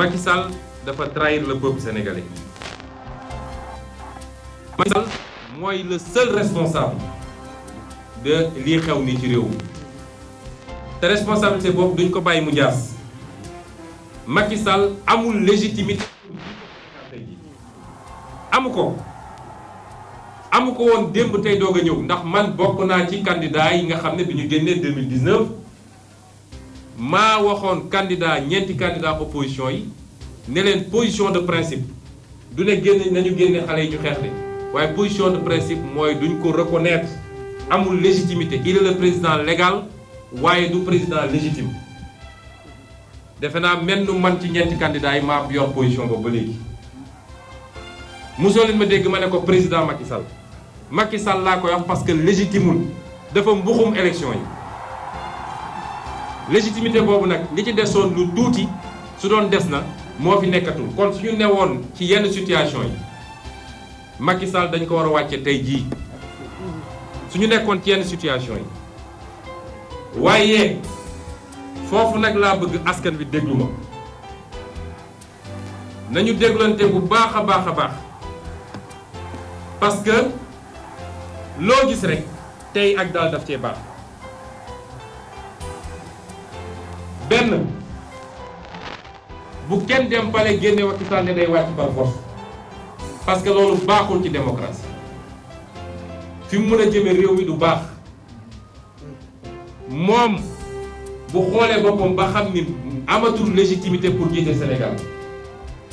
Macky Sall dafa trahir le peuple sénégalais Macky Sall mooy le seul responsable de li xew ni ci réew mi te responsabilité boobu duñ ko bàyyi mu jaas Macky Sall amul légitimité amuko amuko won ko tay doga ñew ndax man bokk na ci candidat yi nga xam ne génné 2019 ma waxoon candidat ñenti candidat opposition yi ne position de principe du ne génn nañu génne xalé yi ñu xeex de position de principe moy duñ ko reconnaître amul légitimité il est le président légal waye du président légitime defe mennu man ci ñenti candidats yi ma yor position boobu ba légui mosoo ma dégg ma ko président Macky Sall Macky Sall laa koy wax parce que légitimul dafa mbuxum élection yi légitimité boobu nag li ci desoon lu tuuti su doon des na moo fi nekkatul kon suñu newoon ci yenn situation yi Macky Sall dañ ko war a wàcce tey jii suñu nekkoon ci yenn situation yi waaye foofu nag laa bëgg askan bi déglu ma nañu déglante bu baax a baax a baax parce que loo gis rek tey ak daal daf cee baax benn bu kenn dem pale génne Macky Sall day wàcc par force que loolu baaxul ci démocratie fi mu mën a jëme réew mi du baax moom bu xoolee boppam ba xam ni amatul légitimité pour jiite Sénégal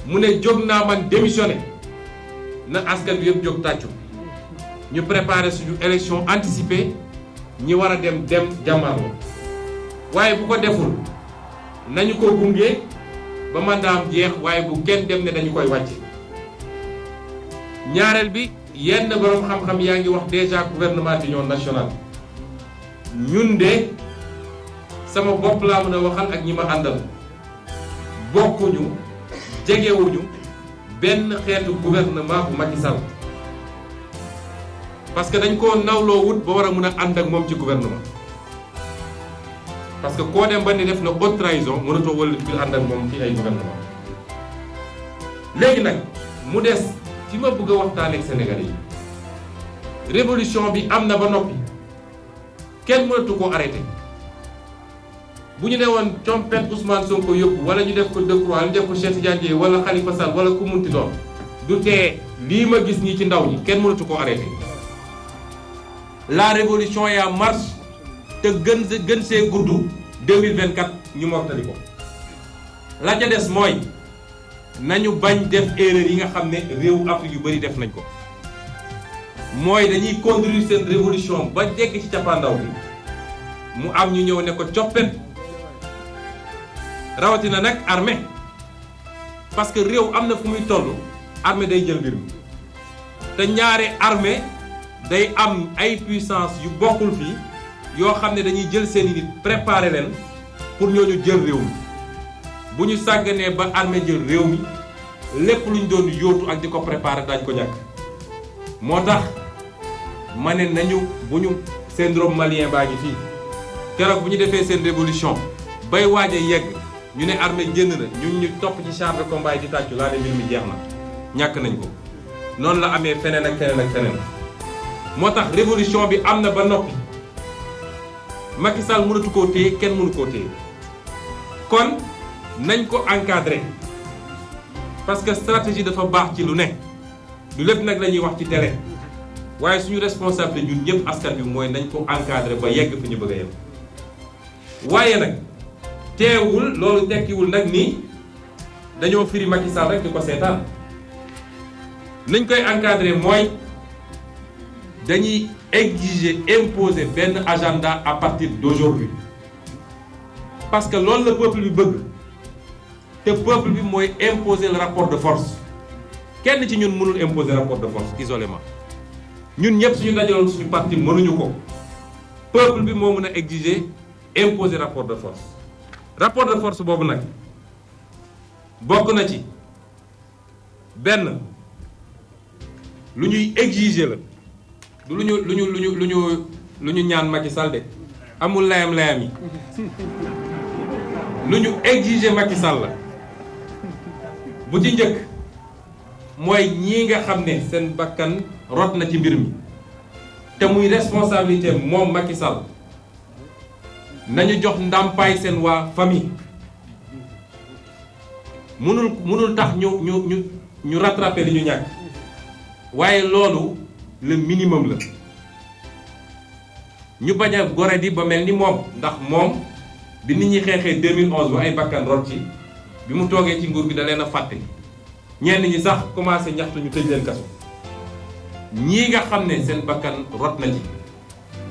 mu ne jóg naa man démissionné na askan bi yëpp jóg tàccu ñu préparer suñu élection anticipée ñi war a dem dem jàmmarloo waaye bu ko deful nañu ko gunge ba ma mandaam jeex waaye bu kenn dem ne dañu koy wàcc ñaareel bi yenn borom xam-xam yaa ngi wax déjà gouvernement d'union nationale ñun de sama bopp laa mën a waxal ak ñi ma àndal bokkuñu jegewuñu benn xeetu gouvernement bu Macky Sall que dañ koo nawloo wut ba war a mën a ànd ak moom ci gouvernement parce que koo dem ba ni def na haute trahison mënatoo wëlbati biir ànd ak moom ci ay gouvernement léegi nag mu des ci ma bëgg a waxtaan ak Sénégalais yi révolution bi am na ba noppi kenn mënatu koo arrêté bu ñu ne woon compet Ousmane Sonko yóbbu wala ñu def ko Decroix ñu def ko Cheikh Tidiane Dièye wala Khalifa Sall wala ku munti doon du tee lii ma gis ñi ci ndaw ñi kenn mënatu koo arrêté la révolution est en te gën gën see gudd 2024 ñu mortali ko la ca des mooy nañu bañ def erreur yi nga xam ne réew Afrique yu bëri def nañ ko mooy dañuy conduire seen révolution ba jekk ci cappaandaw bi mu am ñu ñëw ne ko coppet rawatina nag armée parce que réew am na fu muy toll armée day jël mbir mi te ñaare armée day am ay puissance yu bokkul fii yoo xam ne dañuy jël seen nit préparé leen pour ñooñu jël réew mi bu ñu sàgganee ba armée jël réew mi lépp luñ doon yóotu ak di ko préparer dañ ko ñàkk moo tax ma ne nañu bu ñu syndrome malien baa ngi fii keroog bu ñu defee seen révolution bay waaj yegg ñu ne armée génn na ñun ñu topp ci char de combat yi di tàccu laa ne mbir mi jeex na ñàkk nañ ko noonu la amee feneen ak feneen ak feneen moo tax révolution bi am na ba noppi Macky Sall mënatu koo téye kenn mënu koo téye kon nañ ko encadrer parce que stratégie dafa baax ci lu ne lu lépp nag la ñuy wax ci tere waaye suñu responsabilité ñun ñëpp askan bi mooy nañ ko encadrer ba yegg fi ñu bëgg a yem waaye nag teewul loolu tekkiwul nag nii dañoo firi Macky Sall rek di ko seetaan nañ koy encadrer mooy. Nous exiger imposer un agenda à partir d'aujourd'hui parce que que le peuple bi bug le peuple bi mooy imposer le rapport de force est ci ñun imposé imposer rapport de force isolément ñun ñëpp suñu dajaloon suñu parti mënuñu ko peuple bi moo mën a exiger imposer rapport de force rapport de force boobu nag bokk na ci benn lu ñuy exiger lu ñu lu ñu lu ñu lu ñu lu ñu ñaan Macky Sall de amul layam layam yi lu ñu exiger Macky Sall bu ci njëkk mooy ñii nga xam ne seen bakkan rot na ci mbir mi te muy responsabilité moom Macky Sall nañu jox ndàmpaay seen waa famille mënul mënul tax ñu ñu ñu ñu rattraper li ñu ñàkk waaye loolu. le minimum la ñu baña a di ba melni ni ndax mom bi nit ñi 2011 ba ay bakkan rot ci bi mu avons ci nguur bi da leen ñenn ñi sax commencé ñaxtu ñu Nous ñi nga xamné sen bakkan rot na ci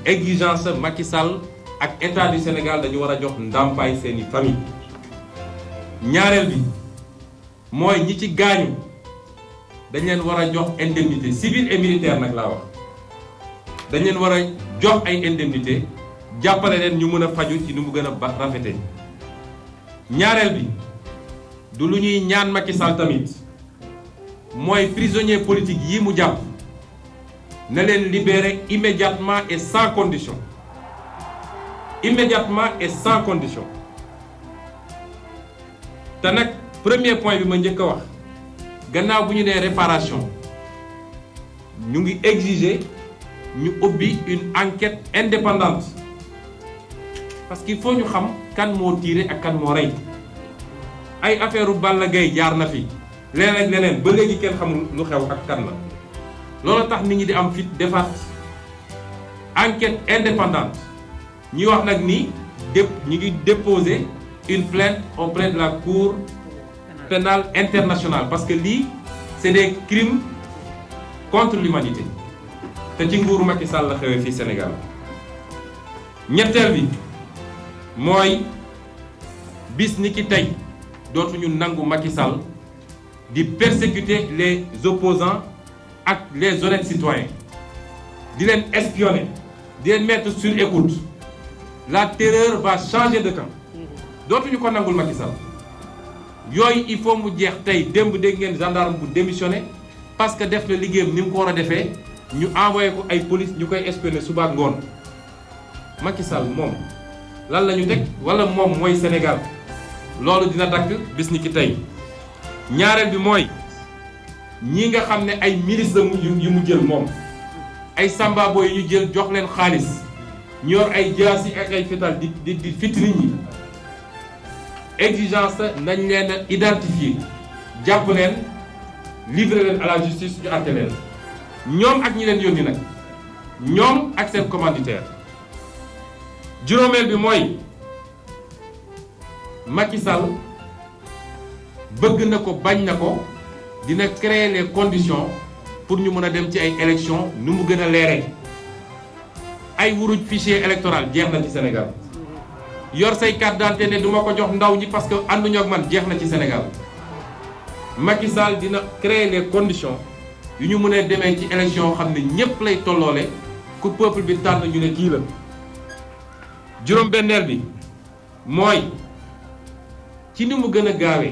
exigence Macky Sall ak état du Sénégal dañu wara jox ndampay seeni famille ñaarel bi que ñi ci gañu dañ leen war a jox indemnité civile et militaire nag laa wax dañ leen war a jox ay indemnité jàppale leen ñu mën a faju ci ni mu gën a ba rafete ñaareel bi du lu ñuy ñaan Macky Sall tamit mooy prisonnier politique yi mu jàpp na leen libérer immédiatement et sans condition immédiatement et sans condition te nag premier point bi ma njëkk a wax gannaaw bu ñu nee réparation ñu ngi exiger ñu ubbi une enquête indépendante parce qu'il faut ñu xam kan moo tiré ak kan moo rey ay affaire u Balla Gaye jaar na fi leneen ak leneen ba léegi kenn xamul lu xew ak kan la loolu tax nit ñi di am fit defaat enquête indépendante ñi wax nag ni dép ñi ngi déposer une plainte auprès de la cour pénale internationale parce que lii c'est des crimes contre l'humanité te ci nguuru Macky Sall a fait au Sénégal ñettel bi moy bis ni ki dotu ñu nangu Macky Sall di persécuter les opposants ak les honnêtes citoyens di les espionner di les mettre sur écoute la terreur va changer de camp ñu ko nangul Macky Sall yooyu il faut mu jeex tey démb dégg ngeen gendarme bu démissionné parce que def na liggéeyam ni mu ko war a defee ñu envoyé ko ay police ñu koy espionné suba ak ngoon Macky Sall moom lan la ñu teg wala moom mooy Sénégal loolu dina dakk bis ni ki tey ñaareel bi mooy ñii nga xam ne ay milices la yu mu jël moom ay sambabo yi ñu jël jox leen xaalis ñor ay jaasi ak ay fetal di di di fit nit ñi exigence nañ identifier jàpp livrer à la justice du àtte ñom ak ñi len yónni nak ñom ak sen commanditaire juróomeel bi moy Macky Sall bëgg na ko bañ na ko dina créer les conditions pour ñu mëna dem ci ay élections nu mu gëna a ay wuruj fichier électoral jeex na ci Sénégal yor say carte d'identité ne ko jox ndaw ñi parce que ànduñu ak man jeex na ci Sénégal Macky Sall dina créer les conditions yu ñu mëne demee ci élection xam ñepp lay tollolé ku peuple bi tan ñu né ki la juróom-benneel bi moy ci ni mu gën a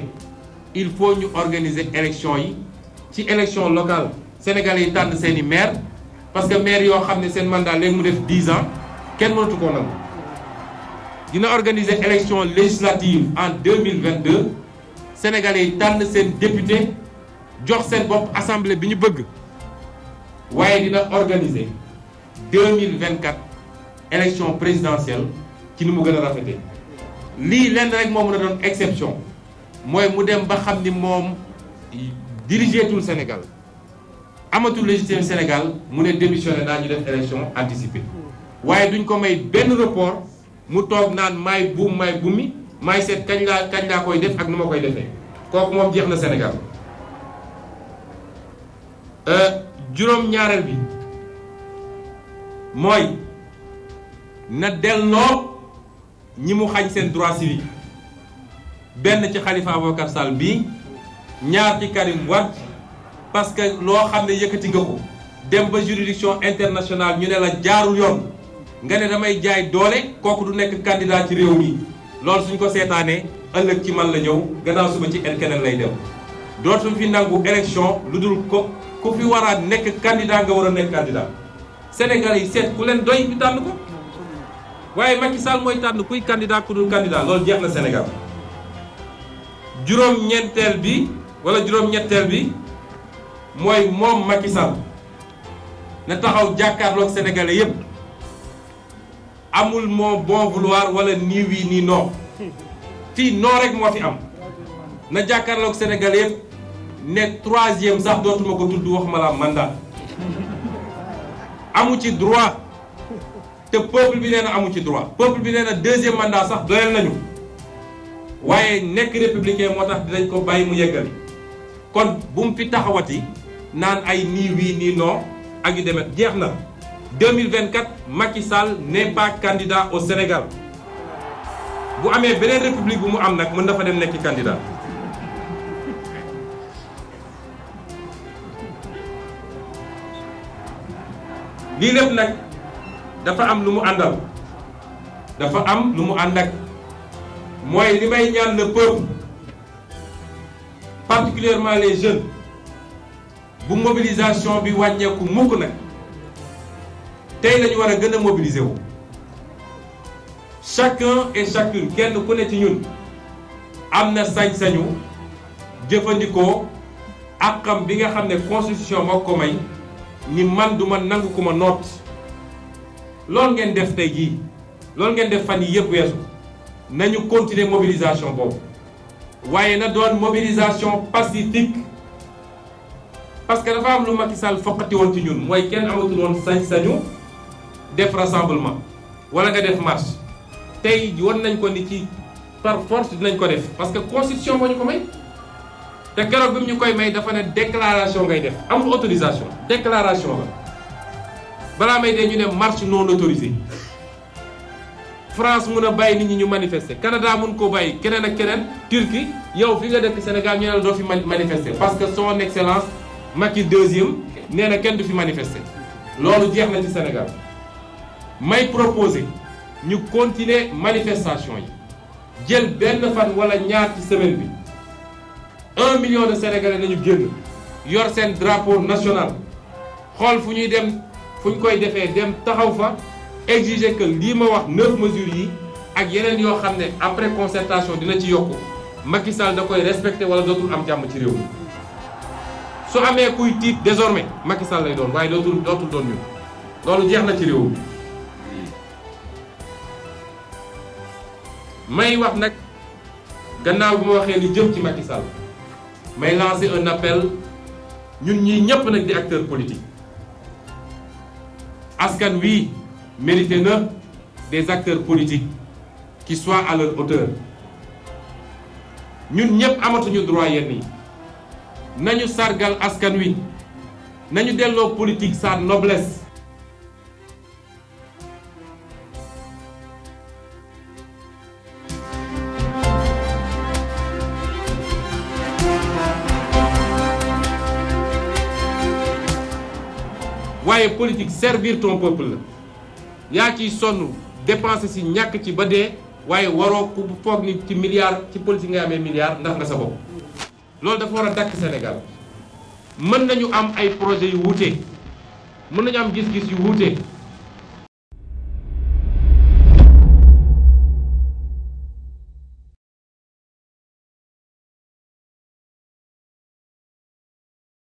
il faut ñu organiser élection yi ci élection locale sénégalais yi tànn seeni maire parce que maire yo xam ne seen mandat léegi mu def 10 ans kenn mënatu ko nangu dina organisé élection législative en 2022 sénégalais est sen député jox sen bop assemblée biñu bëgg a dina 2024 élection présidentielle ci nous mu gën a fait exception. rek a exception moy mu dem ba xamni mom tout le Sénégal amatul légitime Sénégal mu démissionné dans élection anticipée Il duñ ko may benn report mu toog naan maay buum maay bumi maay seet kañ laa kañ laa koy def ak nu ma koy defee kooku moom jeex na senegal euh, juróom-ñaareel bi mooy na delloo ñi mu xañ seen droit civique benn ci Khalifa Ababacar Sall bii ñaar ci Karim Wade parce que loo xam ne yëkkati nga ko dem ba juridiction internationale ñu ne la jaarul yoon nga ne damay jaay doole kooku du nekk candidat ci réew mi lool suñ ko seetaanee ëllëg ci man la ñëw gannaaw suba ci en keneen lay dem dootuñ fi nangu élection lu dul ko ku fi waraat nekk candidat nga war a nekk candidat Sénégal yi seet ku leen doy ñu tànn ko waaye Macky mooy tànn kuy kandidaa ku dul candidat loolu jeex na Sénégal juróom-ñeenteel bi wala juróom-ñetteel bi mooy moom Macky na taxaw jàkkaarloog sénégalais yépp amul bon vouloir wala ni vouloir, ni non non rek fi am na Sénégal ne troisième sax dootuma ko tuddu wax mala mandat amu ci droit te peuple bi amu droit peuple deuxième mandat sax doyal nañu waaye nekk républicain moo tax dinañ ko bàyyi mu yeggali kon bu fi taxawati naan ay non 2024 Macky Sall n'est pas candidat au Sénégal Vous avez une république bu mu am dafa dem candidat lii lépp nag dafa am y dafa am le peuple particulièrement les jeunes bu mobilisation bi tey lañu wara gëna mobiliser wu chacun et chacune kenn ku ne ci ñun am na sañ-sañu jëfandikoo àqam bi nga xam ne constitution moo ko may ni man du ma nangu ku ma noot loolu ngeen def tey jii loolu ngeen def fan yi yëpp weesu nañu continuer mobilisation boobu waaye na doon mobilisation pacifique parce que dafa am lu Macky Sall foqati woon ci ñun mooy kenn amatul woon sañ-sañu def rassemblement wala nga def marche tey war nañ ko ni ci par force dinañ ko def parce que constitution moo ñu ko may te keroog bi mu ñu koy may dafa ne déclaration ngay def amul autorisation déclaration la balaa may dee ñu ne marche non autorisée France mun a bàyyi nit ñi ñu manifester Canada mun ko bàyyi keneen ak keneen Turquie yow fi nga dëkk Sénégal ñu ne la doo fi manifester parce que son excellence Macky deuxième nee na kenn du fi manifester loolu jeex na ci Sénégal may proposer ñu continuer manifestation yi jël benn fan wala ñaar semaine bi un million de sénégalais nañu génn yor seen drapeau national xool fu ñuy dem fu ñu koy defee dem taxaw fa exiger que lii ma wax neuf mesures yi ak yeneen yoo xam ne après concertation dina ci yokk Macky Sall da koy respecté wala dootul am jàmm ci réew su amee kuy tiit désormais Macky Sall lay doon waaye dootul dootul doon ñun loolu jeex na ci réew may wax nag gannaaw bi ma waxee ci Macky may lancer un appel ñun ñii ñëpp nag di acteur politique askan wi mérité na des acteurs politiques qui soient à leur hauteur ñun ñëpp amatuñu droit yenn yi nañu sargal askan wi nañu delloo politique sa noblesse citoyen politique servir ton peuple la yaa ciy sonn dépenser si ñàkk ci ba dee waaye warook ku foog ni ci milliard ci politique ngay amee milliard ndax nga sa bopp loolu dafa war a dakk senegal mën nañu am ay projets yu wuute mën nañu am gis-gis yu wuute